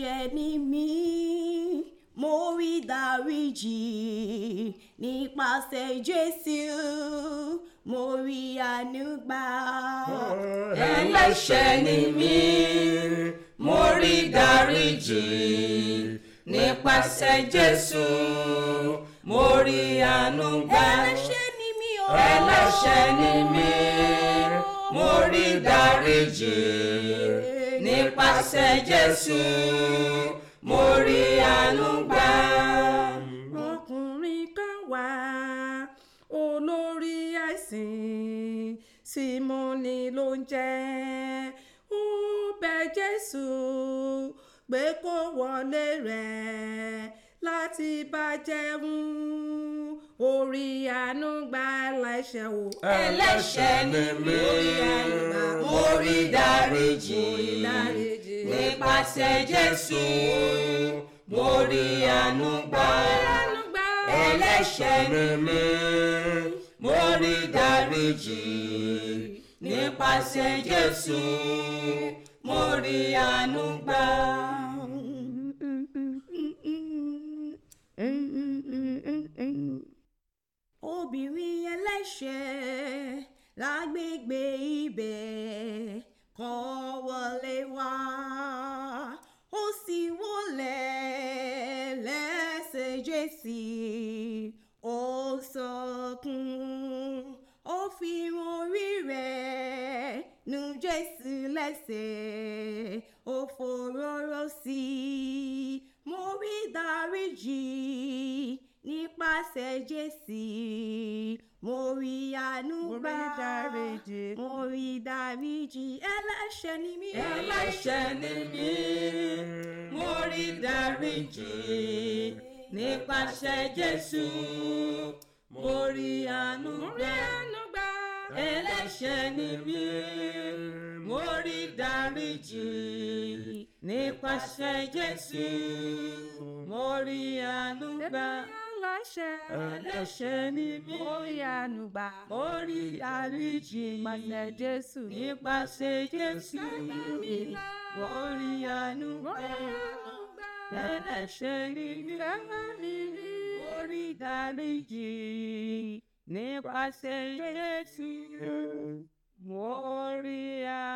ẹ̀ṣẹ̀ ni mí mo rí dáríjì nípasẹ̀ Jésù mo rí àánú gbà. ẹlẹ́ṣẹ̀ ni mí mo rí dáríjì nípasẹ̀ Jésù mo rí àánú ẹlẹ́ṣẹ̀ ni mí o. ẹlẹ́ṣẹ̀ ni mí mo rí dáríjì nípasẹ̀ Jésù mo rí àánú gbà. ọkùnrin kan wà olórí ẹ̀sìn Símónì ló ń jẹ́ ó bẹ Jésù pé kó wọlé rẹ̀ láti bá jẹun orí àánú gba ẹlẹ́ṣẹ̀ wò. ẹlẹ́ṣẹ̀ ni mí orí àánú gba nípasẹ̀ Jésù mo rí àánú gbà ẹlẹ́ṣẹ̀ ni mí mo rí dáríjì nípasẹ̀ Jésù mo rí àánú gbà. obìnrin ẹlẹ́ṣẹ̀ lágbègbè ibẹ̀ kọ́ wọlé wá. jésì ó sọkún ó fi orí rẹ̀ nu jésù lẹ́sẹ̀ ó fòróró sí i mo rí dáríjì nípasẹ̀ jésì mo rí àánú gbà mo rí dáríjì ẹlẹ́ṣẹ̀ ni mí. ẹlẹ́ṣẹ̀ ni mí mo rí dáríjì nípasẹ̀ Jésù mo rí àánú gbà ẹlẹ́ṣẹ̀ ni mí mo rí dáríjì nípasẹ̀ Jésù mo rí àánú gbà ẹlẹ́ṣẹ̀ ẹlẹ́ṣẹ̀ ni mí. mo rí àánú gbà. mo rí àríjì. nípasẹ̀ jésù. nípasẹ̀ jésù. mo rí àánú gbà. nípasẹ̀ Jésù wọ́n rí a.